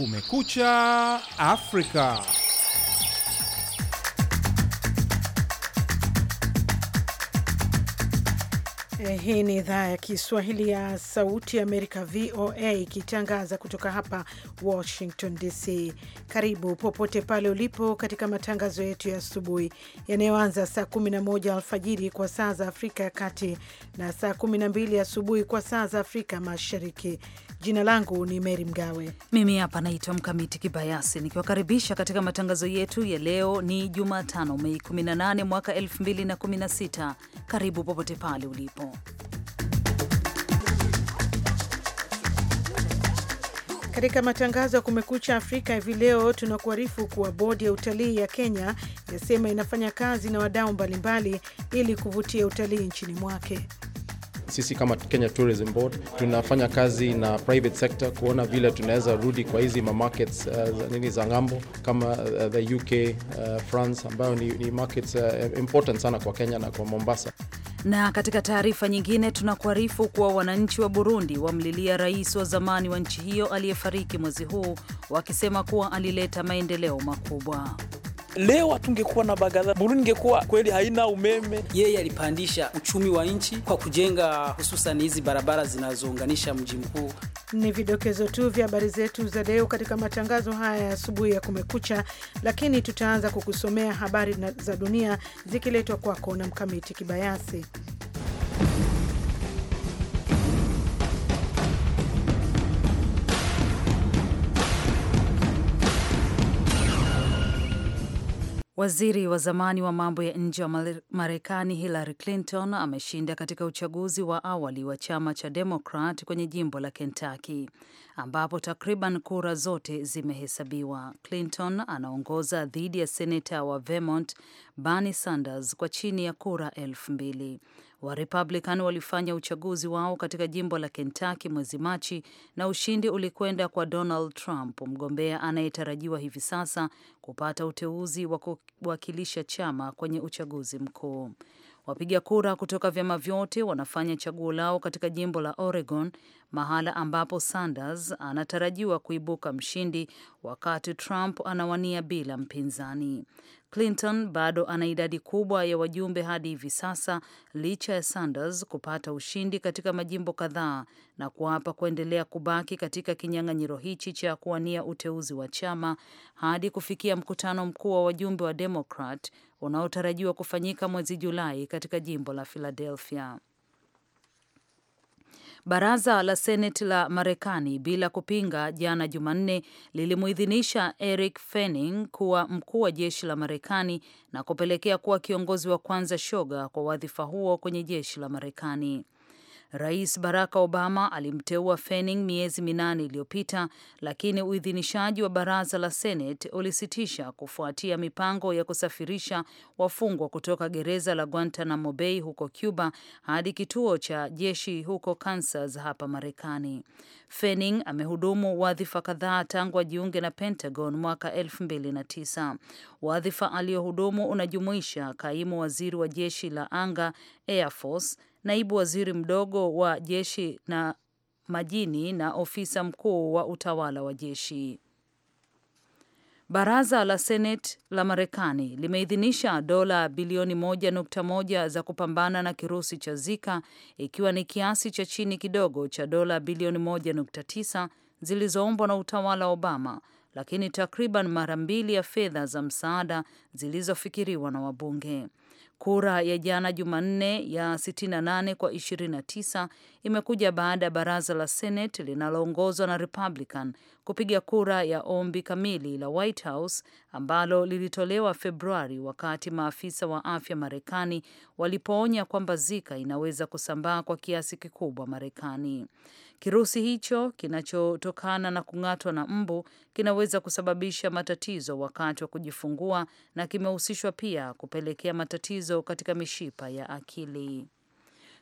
Kumekucha Afrika. Eh, hii ni idhaa ya Kiswahili ya Sauti ya Amerika, VOA, ikitangaza kutoka hapa Washington DC. Karibu popote pale ulipo katika matangazo yetu ya asubuhi yanayoanza saa 11 alfajiri kwa saa za Afrika ya Kati na saa 12 asubuhi kwa saa za Afrika Mashariki. Jina langu ni Meri Mgawe. Mimi hapa naitwa Mkamiti Kibayasi, nikiwakaribisha katika matangazo yetu ya leo. Ni Jumatano, Mei 18 mwaka 2016. Karibu popote pale ulipo Katika matangazo ya Kumekucha Afrika hivi leo tunakuarifu kuwa bodi ya utalii ya Kenya yasema inafanya kazi na wadau mbalimbali ili kuvutia utalii nchini mwake. Sisi kama Kenya Tourism Board tunafanya kazi na private sector kuona vile tunaweza rudi kwa hizi ma markets uh, nini za ng'ambo kama uh, the UK uh, France ambayo ni, ni markets uh, important sana kwa Kenya na kwa Mombasa. Na katika taarifa nyingine tunakuarifu kuwa wananchi wa Burundi wamlilia rais wa zamani wa nchi hiyo aliyefariki mwezi huu wakisema kuwa alileta maendeleo makubwa leo hatungekuwa na bagadha, Burundi ingekuwa kweli haina umeme. Yeye alipandisha uchumi wa nchi kwa kujenga hususan hizi barabara zinazounganisha mji mkuu. Ni vidokezo tu vya habari zetu za leo katika matangazo haya ya asubuhi ya Kumekucha, lakini tutaanza kukusomea habari za dunia zikiletwa kwako na Mkamiti Kibayasi. Waziri wa zamani wa mambo ya nje wa Marekani Hillary Clinton ameshinda katika uchaguzi wa awali wa chama cha Demokrat kwenye jimbo la Kentucky ambapo takriban kura zote zimehesabiwa. Clinton anaongoza dhidi ya seneta wa Vermont Bernie Sanders kwa chini ya kura elfu mbili wa Republican walifanya uchaguzi wao katika jimbo la Kentucky mwezi Machi na ushindi ulikwenda kwa Donald Trump, mgombea anayetarajiwa hivi sasa kupata uteuzi wa kuwakilisha chama kwenye uchaguzi mkuu. Wapiga kura kutoka vyama vyote wanafanya chaguo lao katika jimbo la Oregon, mahala ambapo Sanders anatarajiwa kuibuka mshindi wakati Trump anawania bila mpinzani. Clinton bado ana idadi kubwa ya wajumbe hadi hivi sasa, licha ya Sanders kupata ushindi katika majimbo kadhaa na kuapa kuendelea kubaki katika kinyang'anyiro hichi cha kuwania uteuzi wa chama hadi kufikia mkutano mkuu wa wajumbe wa Demokrat unaotarajiwa kufanyika mwezi Julai katika jimbo la Philadelphia. Baraza la Seneti la Marekani bila kupinga, jana Jumanne, lilimuidhinisha Eric Fanning kuwa mkuu wa jeshi la Marekani na kupelekea kuwa kiongozi wa kwanza shoga kwa wadhifa huo kwenye jeshi la Marekani. Rais Barack Obama alimteua Fanning miezi minane iliyopita, lakini uidhinishaji wa baraza la Senate ulisitisha kufuatia mipango ya kusafirisha wafungwa kutoka gereza la Guantanamo Bay huko Cuba hadi kituo cha jeshi huko Kansas hapa Marekani. Fanning amehudumu wadhifa kadhaa tangu ajiunge na Pentagon mwaka 2009. Wadhifa aliyohudumu unajumuisha kaimu waziri wa jeshi la anga, Air Force, naibu waziri mdogo wa jeshi na majini na ofisa mkuu wa utawala wa jeshi. Baraza la Seneti la Marekani limeidhinisha dola bilioni 1.1 za kupambana na kirusi cha Zika, ikiwa ni kiasi cha chini kidogo cha dola bilioni 1.9 zilizoombwa na utawala wa Obama, lakini takriban mara mbili ya fedha za msaada zilizofikiriwa na wabunge. Kura ya jana Jumanne ya 68 kwa 29 imekuja baada ya baraza la Senate linaloongozwa na Republican kupiga kura ya ombi kamili la White House ambalo lilitolewa Februari wakati maafisa wa afya Marekani walipoonya kwamba Zika inaweza kusambaa kwa kiasi kikubwa Marekani. Kirusi hicho kinachotokana na kung'atwa na mbu kinaweza kusababisha matatizo wakati wa kujifungua na kimehusishwa pia kupelekea matatizo katika mishipa ya akili.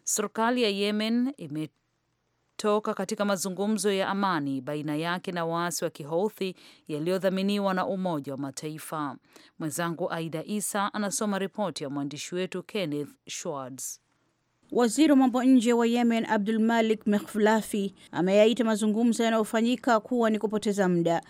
Serikali ya Yemen ime toka katika mazungumzo ya amani baina yake na waasi wa Kihouthi yaliyodhaminiwa na Umoja wa Mataifa. Mwenzangu Aida Isa anasoma ripoti ya mwandishi wetu Kenneth Schwartz. Waziri wa mambo nje wa Yemen Abdul Malik Mekhlafi ameyaita mazungumzo yanayofanyika kuwa ni kupoteza muda.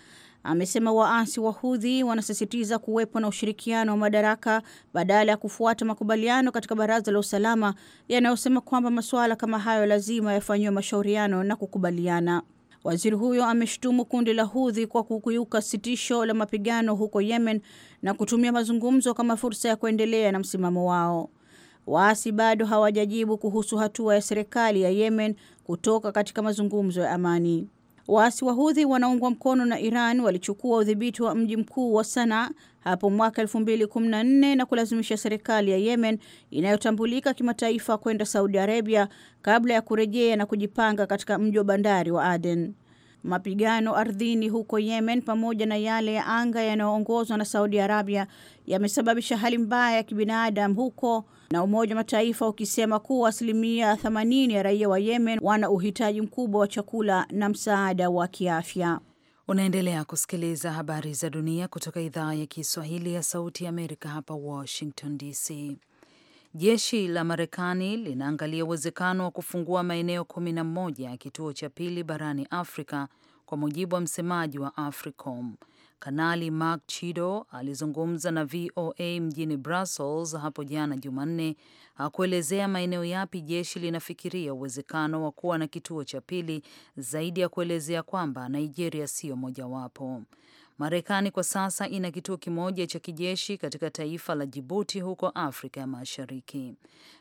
Amesema waasi wa Hudhi wanasisitiza kuwepo na ushirikiano wa madaraka badala ya kufuata makubaliano katika Baraza la Usalama yanayosema kwamba masuala kama hayo lazima yafanyiwe mashauriano na kukubaliana. Waziri huyo ameshutumu kundi la Hudhi kwa kukiuka sitisho la mapigano huko Yemen na kutumia mazungumzo kama fursa ya kuendelea na msimamo wao. Waasi bado hawajajibu kuhusu hatua ya serikali ya Yemen kutoka katika mazungumzo ya amani. Waasi wa hudhi wanaungwa mkono na Iran walichukua udhibiti wa mji mkuu wa Sanaa hapo mwaka 2014 na kulazimisha serikali ya Yemen inayotambulika kimataifa kwenda Saudi Arabia kabla ya kurejea na kujipanga katika mji wa bandari wa Aden. Mapigano ardhini huko Yemen pamoja na yale ya anga yanayoongozwa na Saudi Arabia yamesababisha hali mbaya ya kibinadamu huko, na Umoja wa Mataifa ukisema kuwa asilimia 80 ya raia wa Yemen wana uhitaji mkubwa wa chakula na msaada wa kiafya. Unaendelea kusikiliza habari za dunia kutoka idhaa ya Kiswahili ya Sauti ya Amerika hapa Washington DC. Jeshi la Marekani linaangalia uwezekano wa kufungua maeneo kumi na moja ya kituo cha pili barani Afrika, kwa mujibu wa msemaji wa AFRICOM. Kanali Mark Chido alizungumza na VOA mjini Brussels hapo jana Jumanne. Hakuelezea maeneo yapi jeshi linafikiria uwezekano wa kuwa na kituo cha pili, zaidi ya kuelezea kwamba Nigeria siyo mojawapo. Marekani kwa sasa ina kituo kimoja cha kijeshi katika taifa la Jibuti huko Afrika ya Mashariki.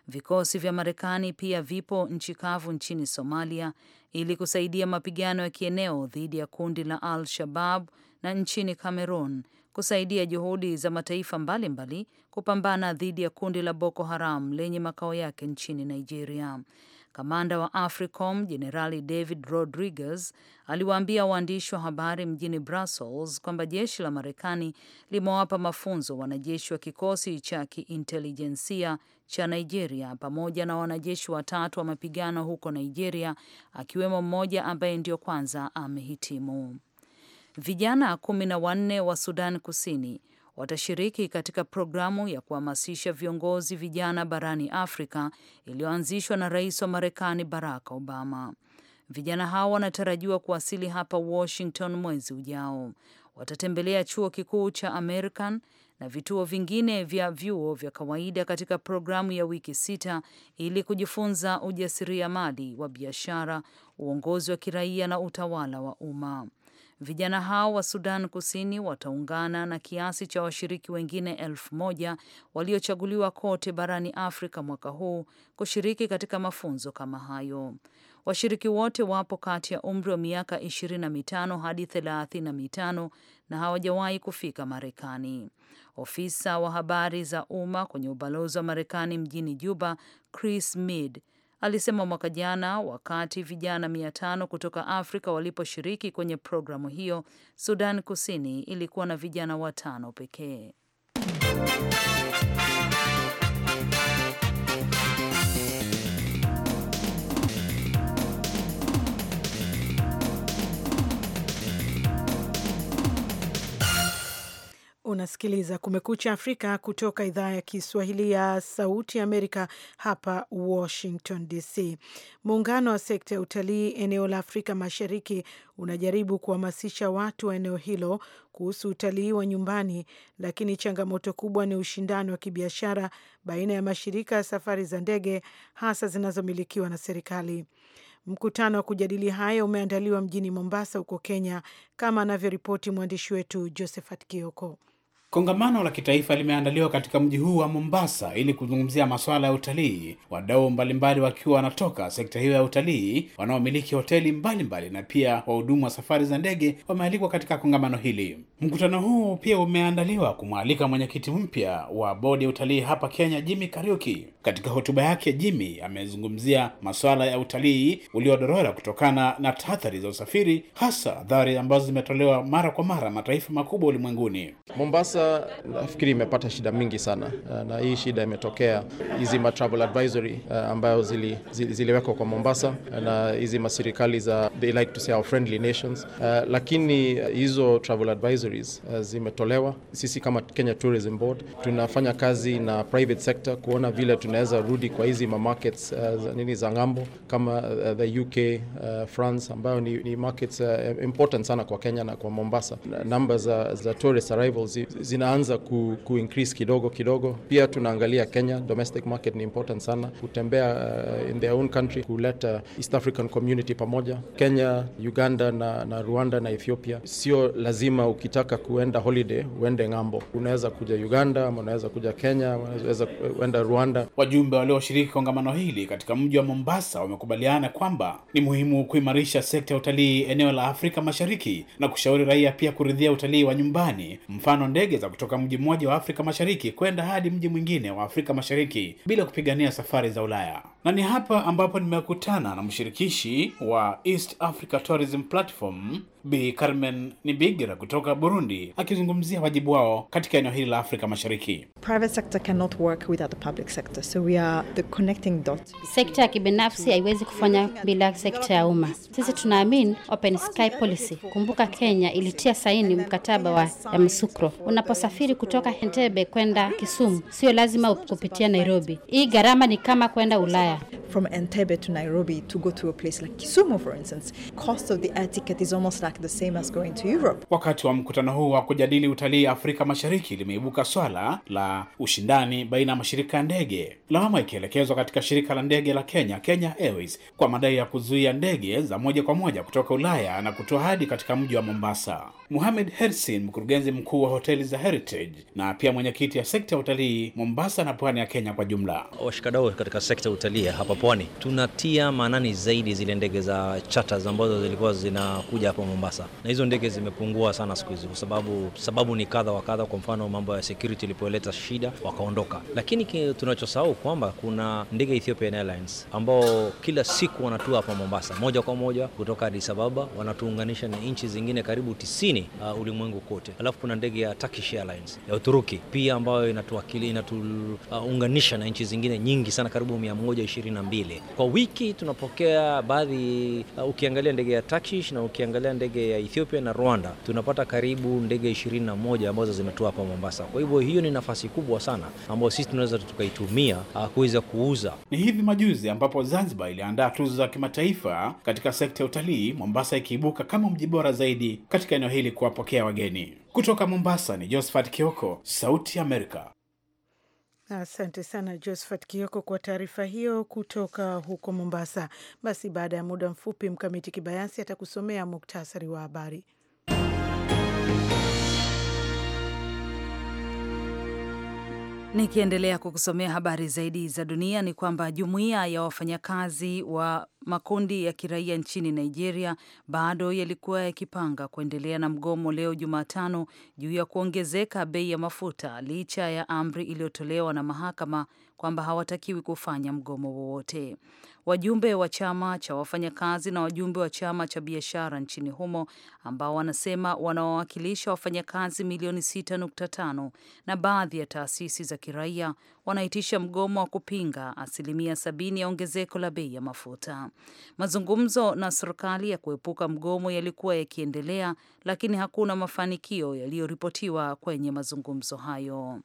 Vikosi vya Marekani pia vipo nchi kavu nchini Somalia ili kusaidia mapigano ya kieneo dhidi ya kundi la Al Shabab na nchini Cameroon kusaidia juhudi za mataifa mbalimbali mbali kupambana dhidi ya kundi la Boko Haram lenye makao yake nchini Nigeria. Kamanda wa AFRICOM Jenerali David Rodriguez aliwaambia waandishi wa habari mjini Brussels kwamba jeshi la Marekani limewapa mafunzo wanajeshi wa kikosi cha kiintelijensia cha Nigeria pamoja na wanajeshi watatu wa mapigano huko Nigeria, akiwemo mmoja ambaye ndio kwanza amehitimu. Vijana kumi na wanne wa Sudan Kusini watashiriki katika programu ya kuhamasisha viongozi vijana barani Afrika iliyoanzishwa na rais wa Marekani Barack Obama. Vijana hao wanatarajiwa kuwasili hapa Washington mwezi ujao. Watatembelea chuo kikuu cha American na vituo vingine vya vyuo vya kawaida katika programu ya wiki sita ili kujifunza ujasiriamali wa biashara, uongozi wa kiraia na utawala wa umma. Vijana hao wa Sudan Kusini wataungana na kiasi cha washiriki wengine elfu moja waliochaguliwa kote barani Afrika mwaka huu kushiriki katika mafunzo kama hayo. Washiriki wote wapo kati ya umri wa miaka ishirini na mitano hadi thelathini na mitano na hawajawahi kufika Marekani. Ofisa wa habari za umma kwenye ubalozi wa Marekani mjini Juba, Chris Meade alisema mwaka jana, wakati vijana mia tano kutoka Afrika waliposhiriki kwenye programu hiyo, Sudan Kusini ilikuwa na vijana watano pekee. Unasikiliza Kumekucha Afrika kutoka idhaa ya Kiswahili ya Sauti ya Amerika, hapa Washington DC. Muungano wa sekta ya utalii eneo la Afrika Mashariki unajaribu kuhamasisha watu wa eneo hilo kuhusu utalii wa nyumbani, lakini changamoto kubwa ni ushindani wa kibiashara baina ya mashirika ya safari za ndege, hasa zinazomilikiwa na serikali. Mkutano wa kujadili hayo umeandaliwa mjini Mombasa huko Kenya, kama anavyoripoti mwandishi wetu Josephat Kioko. Kongamano la kitaifa limeandaliwa katika mji huu wa Mombasa ili kuzungumzia masuala ya utalii, wadau mbalimbali wakiwa wanatoka sekta hiyo ya utalii, wanaomiliki hoteli mbalimbali mbali, na pia wahudumu wa safari za ndege wamealikwa katika kongamano hili. Mkutano huu pia umeandaliwa kumwalika mwenyekiti mpya wa bodi ya utalii hapa Kenya, Jimmy Kariuki. Katika hotuba yake, Jimmy amezungumzia masuala ya utalii uliodorora kutokana na tathari za usafiri, hasa athari ambazo zimetolewa mara kwa mara mataifa makubwa ulimwenguni. Mombasa sasa nafikiri imepata shida mingi sana, eh, na hii shida imetokea hizi travel advisory eh, ambayo zili, zili, ziliwekwa kwa Mombasa eh, na hizi maserikali za they like to say our friendly nations, uh, lakini hizo travel advisories uh, zimetolewa. Sisi kama Kenya Tourism Board tunafanya kazi na private sector kuona vile tunaweza rudi kwa hizi uh, za, nini za ng'ambo kama uh, the UK, uh, France ambayo ni, ni markets uh, important sana kwa Kenya na kwa Mombasa. Namba za, za tourist arrivals zinaanza ku, ku increase kidogo kidogo. Pia tunaangalia Kenya, domestic market ni important sana, kutembea uh, in their own country, kuleta East African community pamoja. Kenya, Uganda na, na Rwanda na Ethiopia, sio lazima ukitaka kuenda holiday uende ng'ambo, unaweza kuja Uganda ama unaweza kuja Kenya, unaweza kuenda Rwanda. Wajumbe walioshiriki kongamano hili katika mji wa Mombasa wamekubaliana kwamba ni muhimu kuimarisha sekta ya utalii eneo la Afrika Mashariki na kushauri raia pia kuridhia utalii wa nyumbani, mfano ndege kujielekeza kutoka mji mmoja wa Afrika Mashariki kwenda hadi mji mwingine wa Afrika Mashariki bila kupigania safari za Ulaya na ni hapa ambapo nimekutana na mshirikishi wa East Africa Tourism Platform Bi Carmen Nibigira kutoka Burundi akizungumzia wajibu wao katika eneo hili la Afrika Mashariki. Private sector cannot work without the public sector, so we are the connecting dot. Sekta ya kibinafsi haiwezi kufanya bila sekta ya umma. Sisi tunaamini open sky policy. Kumbuka Kenya ilitia saini mkataba wa msukro. Unaposafiri kutoka Entebbe kwenda Kisumu, sio lazima kupitia Nairobi. Hii gharama ni kama kwenda Ulaya. From Entebbe to Nairobi to go to a place like Kisumu for instance, cost of the air ticket is almost like the same as going to Europe. Wakati wa mkutano huu wa kujadili utalii Afrika Mashariki limeibuka swala la ushindani baina ya mashirika ya ndege, lawama ikielekezwa katika shirika la ndege la Kenya, Kenya Airways, kwa madai ya kuzuia ndege za moja kwa moja kutoka Ulaya na kutoa hadi katika mji wa Mombasa. muhamed Hersin, mkurugenzi mkuu wa hoteli za Heritage na pia mwenyekiti ya sekta ya utalii Mombasa na pwani ya Kenya kwa jumla, washikadau katika sekta ya utalii abiria hapa pwani. Tunatia maanani zaidi zile ndege za charters ambazo zilikuwa zinakuja hapa Mombasa, na hizo ndege zimepungua sana siku hizi, kwa sababu sababu ni kadha wa kadha. Kwa mfano mambo ya security ilipoleta shida, wakaondoka. Lakini tunachosahau kwamba kuna ndege Ethiopian Airlines ambao kila siku wanatua hapa Mombasa moja kwa moja kutoka Addis Ababa, wanatuunganisha na nchi zingine karibu tisini uh, ulimwengu kote. Alafu kuna ndege ya Turkish Airlines ya Uturuki pia ambayo inatuunganisha uh, na nchi zingine nyingi sana karibu mia moja 22. Kwa wiki tunapokea baadhi, uh, ukiangalia ndege ya Turkish na ukiangalia ndege ya Ethiopia na Rwanda tunapata karibu ndege 21 ambazo zimetua hapa Mombasa. Kwa hivyo hiyo ni nafasi kubwa sana ambayo sisi tunaweza tukaitumia uh, kuweza kuuza. Ni hivi majuzi ambapo Zanzibar iliandaa tuzo za kimataifa katika sekta ya utalii, Mombasa ikiibuka kama mji bora zaidi katika eneo hili kuwapokea wageni. Kutoka Mombasa ni Josephat Kioko, Sauti ya Amerika. Asante sana Josphat Kioko kwa taarifa hiyo kutoka huko Mombasa. Basi baada ya muda mfupi, Mkamiti Kibayasi atakusomea muktasari wa habari. Nikiendelea kukusomea habari zaidi za dunia ni kwamba jumuiya ya wafanyakazi wa makundi ya kiraia nchini Nigeria bado yalikuwa yakipanga kuendelea na mgomo leo Jumatano juu ya kuongezeka bei ya mafuta licha ya amri iliyotolewa na mahakama kwamba hawatakiwi kufanya mgomo wowote. Wajumbe wa chama cha wafanyakazi na wajumbe wa chama cha biashara nchini humo ambao wanasema wanawawakilisha wafanyakazi milioni 6.5 na baadhi ya taasisi za kiraia wanaitisha mgomo wa kupinga asilimia sabini ya ongezeko la bei ya mafuta. Mazungumzo na serikali ya kuepuka mgomo yalikuwa yakiendelea, lakini hakuna mafanikio yaliyoripotiwa kwenye mazungumzo hayo.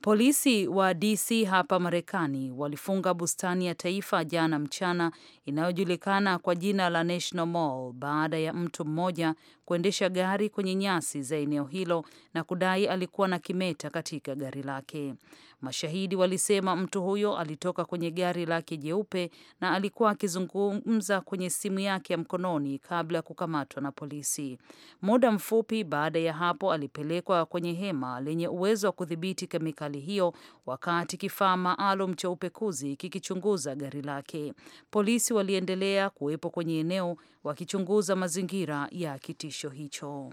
Polisi wa DC hapa Marekani walifunga bustani ya taifa jana mchana inayojulikana kwa jina la National Mall baada ya mtu mmoja kuendesha gari kwenye nyasi za eneo hilo na kudai alikuwa na kimeta katika gari lake. Mashahidi walisema mtu huyo alitoka kwenye gari lake jeupe na alikuwa akizungumza kwenye simu yake ya mkononi kabla ya kukamatwa na polisi. Muda mfupi baada ya hapo, alipelekwa kwenye hema lenye uwezo wa kudhibiti kemikali hiyo, wakati kifaa maalum cha upekuzi kikichunguza gari lake. Polisi waliendelea kuwepo kwenye eneo wakichunguza mazingira ya kitisho hicho.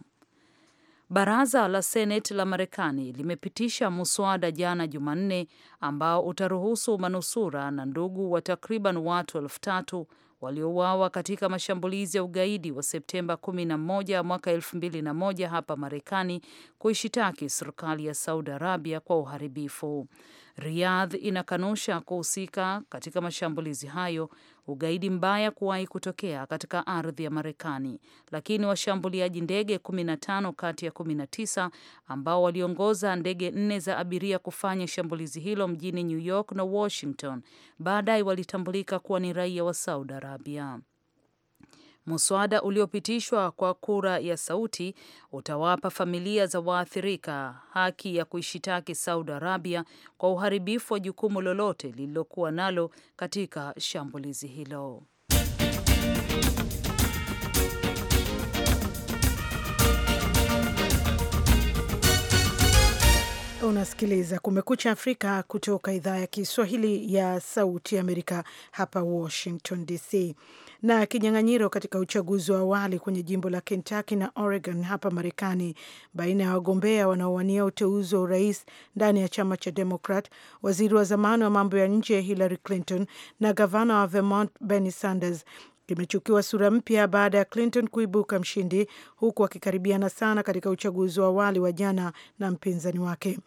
Baraza la Seneti la Marekani limepitisha muswada jana Jumanne ambao utaruhusu manusura na ndugu wa takriban watu elfu tatu waliouawa katika mashambulizi ya ugaidi wa Septemba 11 mwaka 2001 hapa Marekani kuishitaki serikali ya Saudi Arabia kwa uharibifu. Riyadh inakanusha kuhusika katika mashambulizi hayo ugaidi mbaya kuwahi kutokea katika ardhi ya Marekani, lakini washambuliaji ndege 15 kati ya 19 ambao waliongoza ndege nne za abiria kufanya shambulizi hilo mjini New York na Washington baadaye walitambulika kuwa ni raia wa Saudi Arabia. Muswada uliopitishwa kwa kura ya sauti utawapa familia za waathirika haki ya kuishitaki Saudi Arabia kwa uharibifu wa jukumu lolote lililokuwa nalo katika shambulizi hilo. Unasikiliza Kumekucha Afrika kutoka idhaa ya Kiswahili ya Sauti Amerika, hapa Washington DC. Na kinyang'anyiro katika uchaguzi wa awali kwenye jimbo la Kentucky na Oregon hapa Marekani, baina ya wagombea wanaowania uteuzi wa urais ndani ya chama cha Demokrat, waziri wa zamani wa mambo ya nje Hillary Clinton na gavana wa Vermont Bernie Sanders limechukiwa sura mpya baada ya Clinton kuibuka mshindi, huku akikaribiana sana katika uchaguzi wa awali wa jana na mpinzani wake.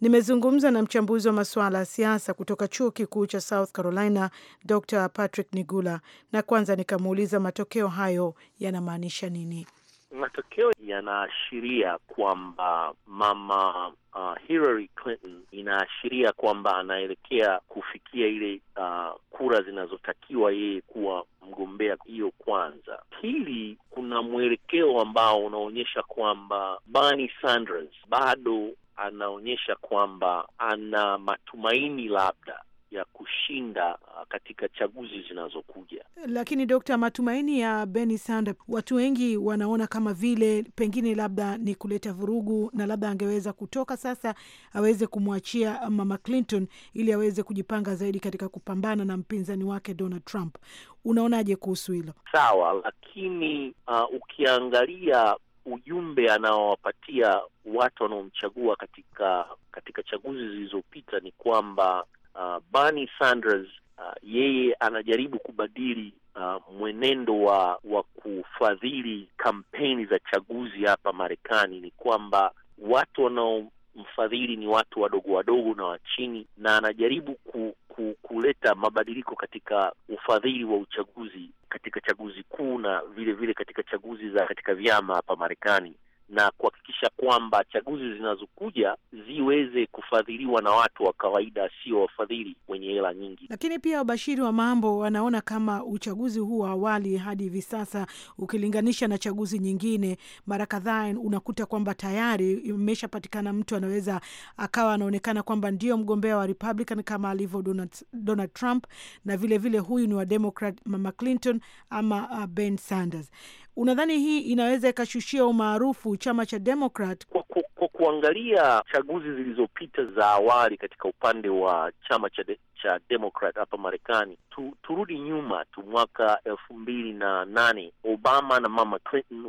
Nimezungumza na mchambuzi wa masuala ya siasa kutoka chuo kikuu cha South Carolina, Dr Patrick Nigula, na kwanza nikamuuliza matokeo hayo yanamaanisha nini matokeo yanaashiria kwamba mama uh, Hillary Clinton inaashiria kwamba anaelekea kufikia ile uh, kura zinazotakiwa yeye kuwa mgombea. Hiyo kwanza. Pili, kuna mwelekeo ambao unaonyesha kwamba Bernie Sanders bado anaonyesha kwamba ana matumaini labda ya kushinda uh, katika chaguzi zinazokuja. Lakini Dokta, matumaini ya Bernie Sanders watu wengi wanaona kama vile pengine labda ni kuleta vurugu, na labda angeweza kutoka sasa aweze kumwachia Mama Clinton ili aweze kujipanga zaidi katika kupambana na mpinzani wake Donald Trump. Unaonaje kuhusu hilo? Sawa, lakini uh, ukiangalia ujumbe anaowapatia watu wanaomchagua katika katika chaguzi zilizopita ni kwamba uh, Bernie Sanders uh, yeye anajaribu kubadili uh, mwenendo wa wa kufadhili kampeni za chaguzi hapa Marekani. Ni kwamba watu wanaomfadhili ni watu wadogo wadogo na wa chini, na anajaribu ku, ku, kuleta mabadiliko katika ufadhili wa uchaguzi katika chaguzi kuu na vile vile katika chaguzi za katika vyama hapa Marekani na kuhakikisha kwamba chaguzi zinazokuja ziweze kufadhiliwa na watu wa kawaida, sio wafadhili wenye hela nyingi. Lakini pia wabashiri wa mambo wanaona kama uchaguzi huu wa awali hadi hivi sasa ukilinganisha na chaguzi nyingine, mara kadhaa unakuta kwamba tayari imeshapatikana mtu anaweza akawa anaonekana kwamba ndio mgombea wa Republican kama alivyo Donald, Donald Trump na vilevile vile huyu ni wa Democrat, mama Clinton ama uh, Ben Sanders. Unadhani hii inaweza ikashushia umaarufu chama cha Demokrat? Kwa, kwa, kwa kuangalia chaguzi zilizopita za awali katika upande wa chama cha, de, cha Demokrat hapa Marekani tu, turudi nyuma tu mwaka elfu mbili na nane Obama na mama Clinton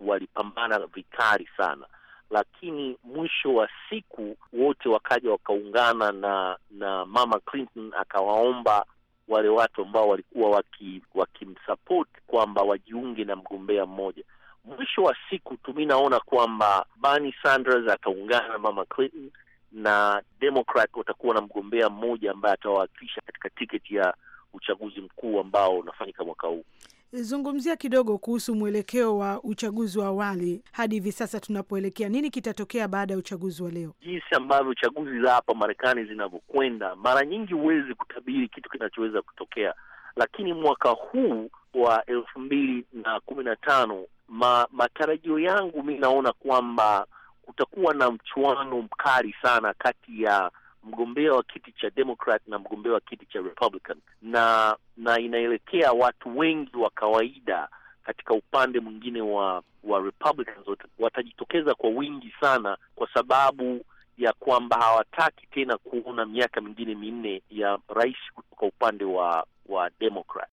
walipambana wali vikali sana lakini mwisho wa siku wote wakaja wakaungana na na mama Clinton akawaomba wale watu ambao walikuwa waki, wakimsapoti kwamba wajiunge na mgombea mmoja. Mwisho wa siku tu mi naona kwamba Bernie Sanders ataungana na mama Clinton na Democrat watakuwa na mgombea mmoja ambaye atawawakilisha katika tiketi ya uchaguzi mkuu ambao unafanyika mwaka huu zungumzia kidogo kuhusu mwelekeo wa uchaguzi wa awali hadi hivi sasa tunapoelekea. Nini kitatokea baada ya uchaguzi wa leo? Jinsi ambavyo chaguzi za hapa Marekani zinavyokwenda, mara nyingi huwezi kutabiri kitu kinachoweza kutokea, lakini mwaka huu wa elfu mbili na kumi na tano ma, matarajio yangu mi naona kwamba kutakuwa na mchuano mkali sana kati ya mgombea wa kiti cha Democrat na mgombea wa kiti cha Republican, na na inaelekea watu wengi wa kawaida katika upande mwingine wa wa Republicans watajitokeza kwa wingi sana, kwa sababu ya kwamba hawataki tena kuona miaka mingine minne ya rais kutoka upande wa wa Democrat.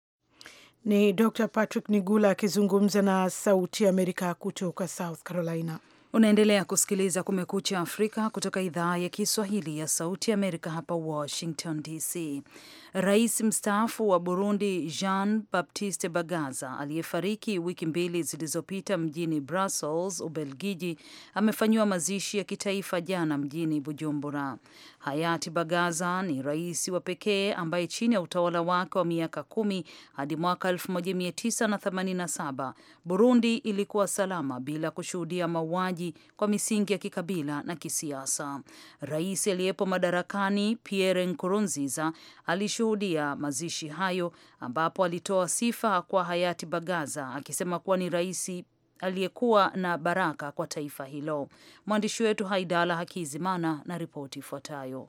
Ni Dr. Patrick Nigula akizungumza na Sauti ya Amerika kutoka South Carolina. Unaendelea kusikiliza Kumekucha Afrika kutoka idhaa ya Kiswahili ya Sauti ya Amerika hapa Washington DC. Rais mstaafu wa Burundi Jean Baptiste Bagaza aliyefariki wiki mbili zilizopita mjini Brussels, Ubelgiji, amefanyiwa mazishi ya kitaifa jana mjini Bujumbura. Hayati Bagaza ni rais wa pekee ambaye chini ya utawala wake wa miaka kumi hadi mwaka 1987 Burundi ilikuwa salama bila kushuhudia mauaji kwa misingi ya kikabila na kisiasa. Rais aliyepo madarakani Pierre Nkurunziza alish kushuhudia mazishi hayo ambapo alitoa sifa kwa hayati Bagaza akisema kuwa ni rais aliyekuwa na baraka kwa taifa hilo. Mwandishi wetu Haidala Hakizimana na ripoti ifuatayo.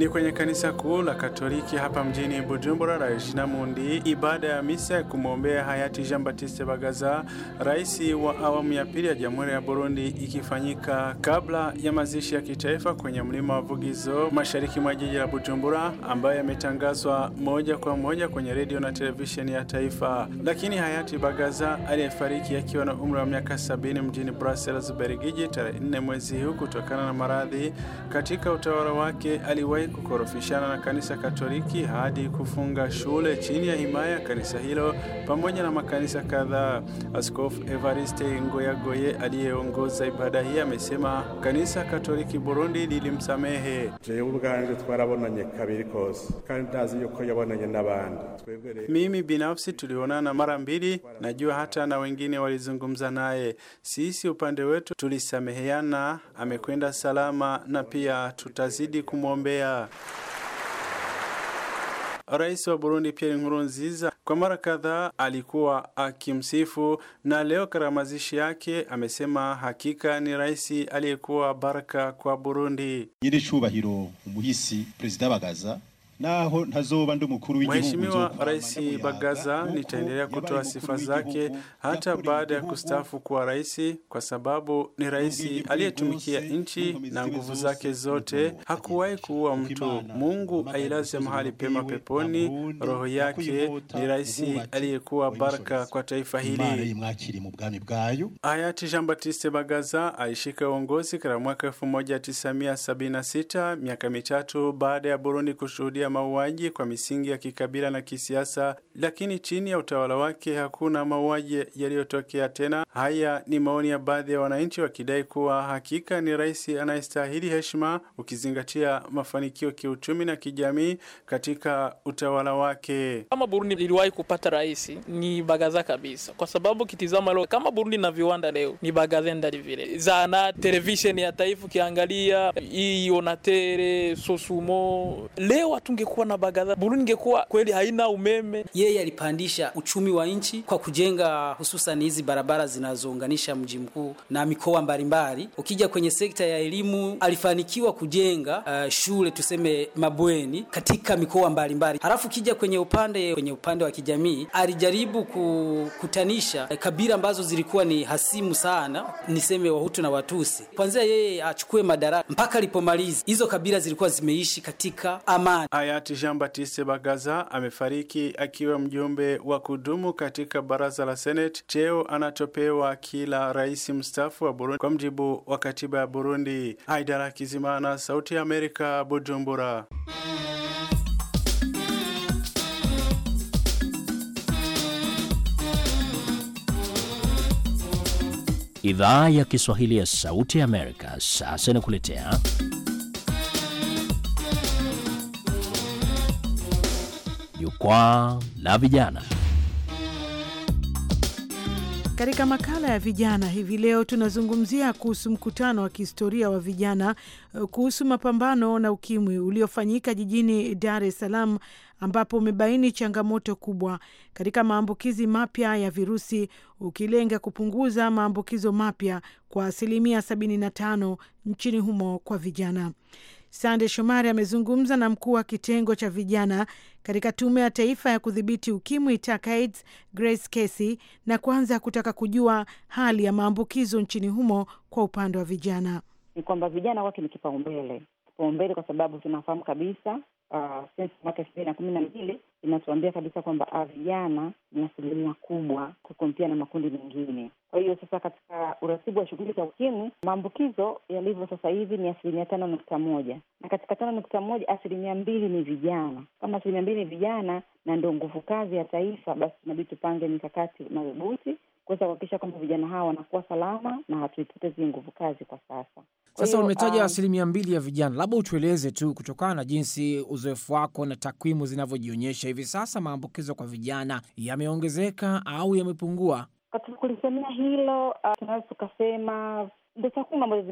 Ni kwenye kanisa kuu la Katoliki hapa mjini Bujumbura la Ishinamundi, ibada ya misa ya kumwombea hayati Jean Baptiste Bagaza, rais wa awamu ya pili ya Jamhuri ya Burundi, ikifanyika kabla ya mazishi ya kitaifa kwenye mlima wa Vugizo, mashariki mwa jiji la Bujumbura, ambayo yametangazwa moja kwa moja kwenye redio na televisheni ya taifa. Lakini hayati Bagaza aliyefariki akiwa na umri wa miaka sabini mjini Brussels, Ubelgiji, tarehe 4 mwezi huu kutokana na maradhi, katika utawala wake aliwahi kukorofishana na kanisa Katoliki hadi kufunga shule chini ya himaya kanisa hilo pamoja na makanisa kadhaa. Askofu Evariste Ngoyagoye aliyeongoza ibada hii amesema kanisa Katoliki Burundi lilimsamehe. Mimi binafsi tulionana mara mbili, najua hata na wengine walizungumza naye. Sisi upande wetu tulisameheana, amekwenda salama na pia tutazidi kumwombea. Rais wa Burundi Pierre Nkurunziza kwa mara kadhaa alikuwa akimsifu na leo katika mazishi yake amesema hakika ni rais aliyekuwa baraka kwa Burundi. Nyiri cubahiro umuhisi perezida bagaza naho ntazoba ndi mkuru w'igihugu Mheshimiwa Rais Bagaza nitaendelea kutoa sifa zake hata baada ya kustafu kuwa rais, kwa sababu ni rais aliyetumikia nchi na nguvu zake zote, hakuwahi kuua mtu. Mungu ailaze mahali pema peponi roho yake. Ni rais aliyekuwa baraka kwa taifa hili. Hayati Jean Baptiste Bagaza alishika uongozi katika mwaka 1976 miaka mitatu baada ya Burundi kushuhudia mauaji kwa misingi ya kikabila na kisiasa, lakini chini ya utawala wake hakuna mauaji yaliyotokea tena. Haya ni maoni ya baadhi ya wananchi wakidai kuwa hakika ni rais anayestahili heshima, ukizingatia mafanikio kiuchumi na kijamii katika utawala wake. Kama Burundi iliwahi kupata rais ni bagaza kabisa, kwa sababu kitizama leo kama Burundi na viwanda leo ni bagaza ndani vile zana televisheni ya taifa ukiangalia hii onatere sosumo leo watu kungekuwa na bagadha, Burundi ingekuwa kweli haina umeme. Yeye alipandisha uchumi wa nchi kwa kujenga hususan hizi barabara zinazounganisha mji mkuu na mikoa mbalimbali. Ukija kwenye sekta ya elimu, alifanikiwa kujenga uh, shule tuseme mabweni katika mikoa mbalimbali. Halafu ukija kwenye upande kwenye upande wa kijamii, alijaribu kukutanisha eh, kabila ambazo zilikuwa ni hasimu sana, niseme Wahutu na Watusi. Kwanza yeye achukue madaraka mpaka alipomaliza hizo kabila zilikuwa zimeishi katika amani hayati Jean Baptiste Bagaza amefariki akiwa mjumbe wa kudumu katika baraza la Seneti, cheo anachopewa kila rais mstaafu wa Burundi kwa mjibu wa katiba ya Burundi. Aidara Kizimana, Sauti ya Amerika, Bujumbura. Idhaa ya Kiswahili ya Sauti ya Amerika sasa inakuletea Jukwaa la Vijana. Katika makala ya vijana hivi leo tunazungumzia kuhusu mkutano wa kihistoria wa vijana eh, kuhusu mapambano na ukimwi uliofanyika jijini Dar es Salaam, ambapo umebaini changamoto kubwa katika maambukizi mapya ya virusi, ukilenga kupunguza maambukizo mapya kwa asilimia 75 nchini humo kwa vijana. Sande Shomari amezungumza na mkuu wa kitengo cha vijana katika Tume ya Taifa ya Kudhibiti Ukimwi TACAIDS, Grace Casey, na kuanza kutaka kujua hali ya maambukizo nchini humo kwa upande wa vijana. Ni kwamba vijana wake ni kipaumbele, kipaumbele kwa sababu tunafahamu kabisa Uh, sensa uh, mwaka elfu mbili na kumi na mbili inatuambia kabisa kwamba uh, vijana ni asilimia kubwa kukompia na makundi mengine. Kwa hiyo sasa, katika uratibu wa shughuli za ukimwi, maambukizo yalivyo sasa hivi ni asilimia tano nukta moja na katika tano nukta moja asilimia mbili ni vijana. Kama asilimia mbili ni vijana na ndo nguvu kazi ya taifa, basi tunabidi tupange mikakati madhubuti kuweza kuhakikisha kwamba vijana hawa wanakuwa salama na hatuipotezi nguvu kazi kwa sasa. Sasa umetaja um, asilimia um, mbili ya vijana, labda utueleze tu kutokana na jinsi uzoefu wako na takwimu zinavyojionyesha hivi sasa, maambukizo kwa vijana yameongezeka au yamepungua? Katika kulisemea hilo uh, tunaweza tukasema ndo takwimu ambazo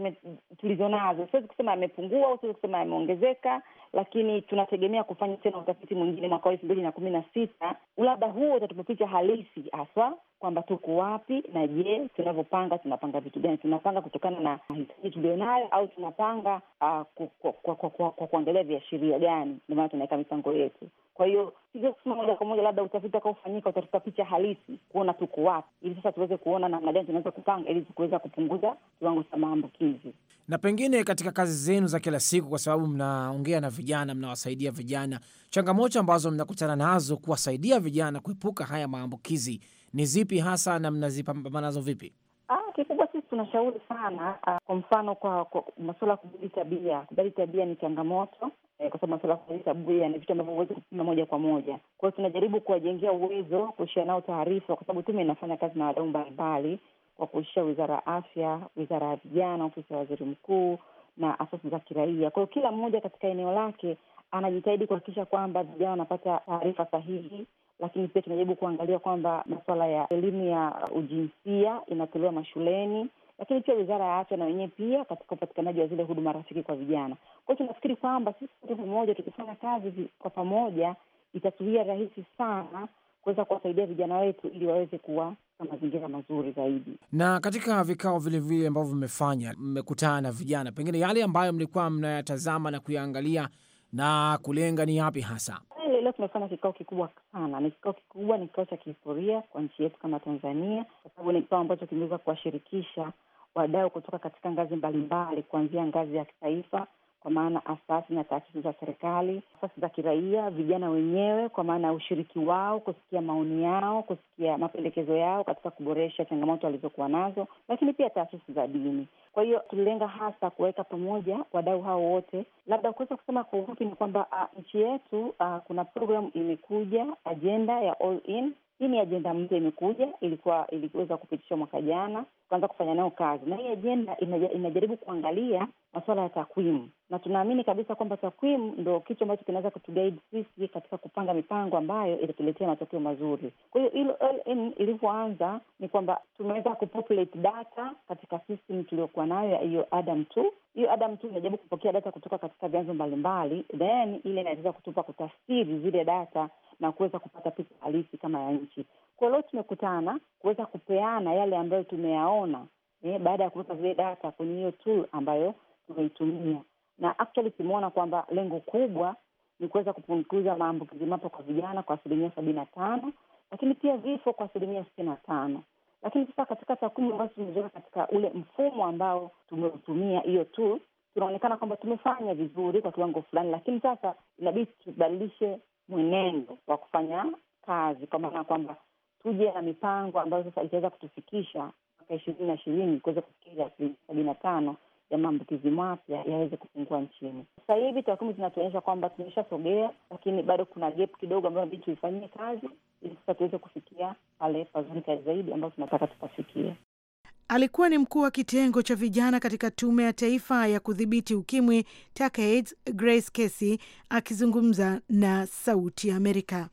tulizonazo. Siwezi kusema yamepungua au siwezi kusema yameongezeka, lakini tunategemea kufanya tena utafiti mwingine mwaka wa elfu mbili na kumi na sita. Labda huo utatupa picha halisi haswa kwamba tuko wapi na je, tunavyopanga tunapanga vitu gani? Tunapanga kutokana na hitaji tulionayo au tunapanga uh, ah, kwa, kwa, kwa, kwa, kwa kuangalia viashiria gani? Ndio maana tunaweka mipango yetu. Kwa hiyo sio kusema moja kwa moja, labda utafiti utakaofanyika utatupa picha halisi, kuona tuko wapi, ili sasa tuweze kuona namna gani tunaweza kupanga ili kuweza kupunguza kiwango cha maambukizi. Na pengine katika kazi zenu za kila siku, kwa sababu mnaongea na vijana, mnawasaidia vijana. Changamoto ambazo mnakutana nazo kuwasaidia vijana kuepuka haya maambukizi ni zipi hasa na mnazipambana nazo vipi? Ah, kikubwa sisi tunashauri sana ah, kwa mfano kwa, kwa masuala ya kubadili tabia. Kubadili tabia ni changamoto eh, kwa sababu masuala ya kubadili tabia ni vitu ambavyo huwezi kupima moja kwa moja. Kwa hiyo tunajaribu kuwajengea uwezo, kuishia nao taarifa, kwa sababu tume inafanya kazi na wadau mbalimbali kwa kuishia wizara ya afya, wizara ya vijana, ofisi ya waziri mkuu na asasi za kiraia. Kwa hiyo kila mmoja katika eneo lake anajitahidi kuhakikisha kwamba vijana wanapata taarifa sahihi, lakini pia tunajaribu kuangalia kwamba masuala ya elimu ya ujinsia inatolewa mashuleni, lakini pia wizara ya afya na wenyewe pia katika upatikanaji wa zile huduma rafiki kwa vijana. Kwa hiyo tunafikiri kwamba sisi sote pamoja tukifanya kazi kwa pamoja itatuia rahisi sana kuweza kuwasaidia vijana wetu ili waweze kuwa mazingira mazuri zaidi. Na katika vikao vilevile ambavyo vimefanya mmekutana na vijana, pengine yale ambayo mlikuwa mnayatazama na kuyaangalia na kulenga ni yapi hasa? Eh, leo tumefanya kikao kikubwa sana, ni kikao kikubwa, ni kikao cha kihistoria kwa nchi yetu kama Tanzania, kwa sababu ni kikao ambacho kimeweza kuwashirikisha wadau kutoka katika ngazi mbalimbali, kuanzia ngazi ya kitaifa kwa maana asasi na taasisi za serikali, asasi za kiraia, vijana wenyewe kwa maana ya ushiriki wao, kusikia maoni yao, kusikia mapendekezo yao katika kuboresha changamoto walizokuwa nazo, lakini pia taasisi za dini. Kwa hiyo tulilenga hasa kuweka pamoja wadau hao wote. Labda kuweza kusema kwa ufupi ni kwamba ah, nchi yetu a, ah, kuna programu imekuja, ajenda ya all in. Hii ni ajenda mpya imekuja, ilikuwa iliweza kupitishwa mwaka jana kuanza kufanya nayo kazi, na hii ajenda inajaribu kuangalia masuala ya takwimu, na tunaamini kabisa kwamba takwimu ndo kitu ambacho kinaweza kutugaidi sisi katika kupanga mipango ambayo itatuletea matokeo mazuri. Kwa hiyo hilo LM ilivyoanza ni kwamba tumeweza kupopulate data katika system tuliyokuwa nayo ya hiyo Adam tu hiyo Adam tu inajaribu kupokea data kutoka katika vyanzo mbalimbali, then ile inaweza kutupa kutafsiri zile data na kuweza kupata picha halisi kama ya nchi. Kwa leo tumekutana kuweza kupeana yale ambayo tumeyaona eh, baada ya kuweka zile data kwenye hiyo tool ambayo tumeitumia, na actually tumeona kwamba lengo kubwa ni kuweza kupunguza maambukizi mapa kwa vijana kwa asilimia sabini na tano lakini pia vifo kwa asilimia sitini na tano lakini sasa katika takwimu ambazo tumeziweka katika ule mfumo ambao tumeutumia hiyo tu, tunaonekana kwamba tumefanya vizuri kwa kiwango fulani, lakini sasa inabidi tubadilishe mwenendo wa kufanya kazi, kwa maana ya kwamba tuje na mipango ambayo sasa itaweza kutufikisha mwaka ishirini na ishirini kuweza kufikia asilimia sabini na tano ya maambukizi mapya yaweze kupungua nchini. Sasa hivi takwimu zinatuonyesha kwamba tumeshasogea, lakini bado kuna gap kidogo ambayo nabidi tuifanyie kazi ili sasa tuweze kufikia pale pazuri zaidi ambayo tunataka tukafikia. Alikuwa ni mkuu wa kitengo cha vijana katika Tume ya Taifa ya Kudhibiti Ukimwi TACAIDS, Grace Kesi akizungumza na Sauti ya Amerika.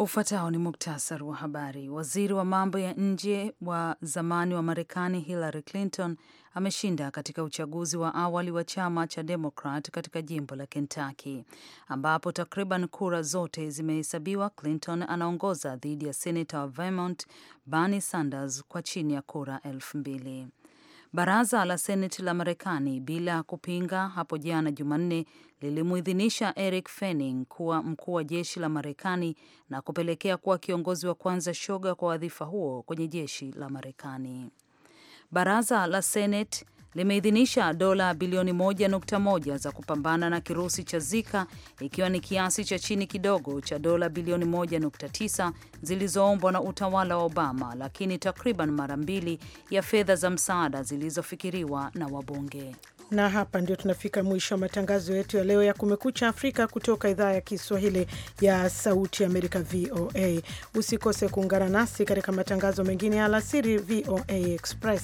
Ufuatao ni muktasari wa habari. Waziri wa mambo ya nje wa zamani wa Marekani Hillary Clinton ameshinda katika uchaguzi wa awali wa chama cha Demokrat katika jimbo la Kentucky ambapo takriban kura zote zimehesabiwa. Clinton anaongoza dhidi ya senata wa Vermont Bernie Sanders kwa chini ya kura elfu mbili. Baraza la Seneti la Marekani bila ya kupinga hapo jana Jumanne lilimuidhinisha Eric Fanning kuwa mkuu wa jeshi la Marekani na kupelekea kuwa kiongozi wa kwanza shoga kwa wadhifa huo kwenye jeshi la Marekani. Baraza la Seneti limeidhinisha dola bilioni 1.1 za kupambana na kirusi cha Zika, ikiwa ni kiasi cha chini kidogo cha dola bilioni 1.9 zilizoombwa na utawala wa Obama, lakini takriban mara mbili ya fedha za msaada zilizofikiriwa na wabunge na hapa ndio tunafika mwisho wa matangazo yetu ya leo ya Kumekucha Afrika kutoka idhaa ya Kiswahili ya Sauti Amerika, VOA. Usikose kuungana nasi katika matangazo mengine ya alasiri, VOA Express.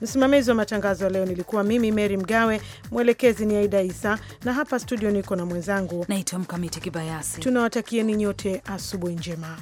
Msimamizi wa matangazo ya leo nilikuwa mimi Mary Mgawe, mwelekezi ni Aida Isa, na hapa studio niko na mwenzangu naitwa Mkamiti Kibayasi. Tunawatakieni nyote asubuhi njema.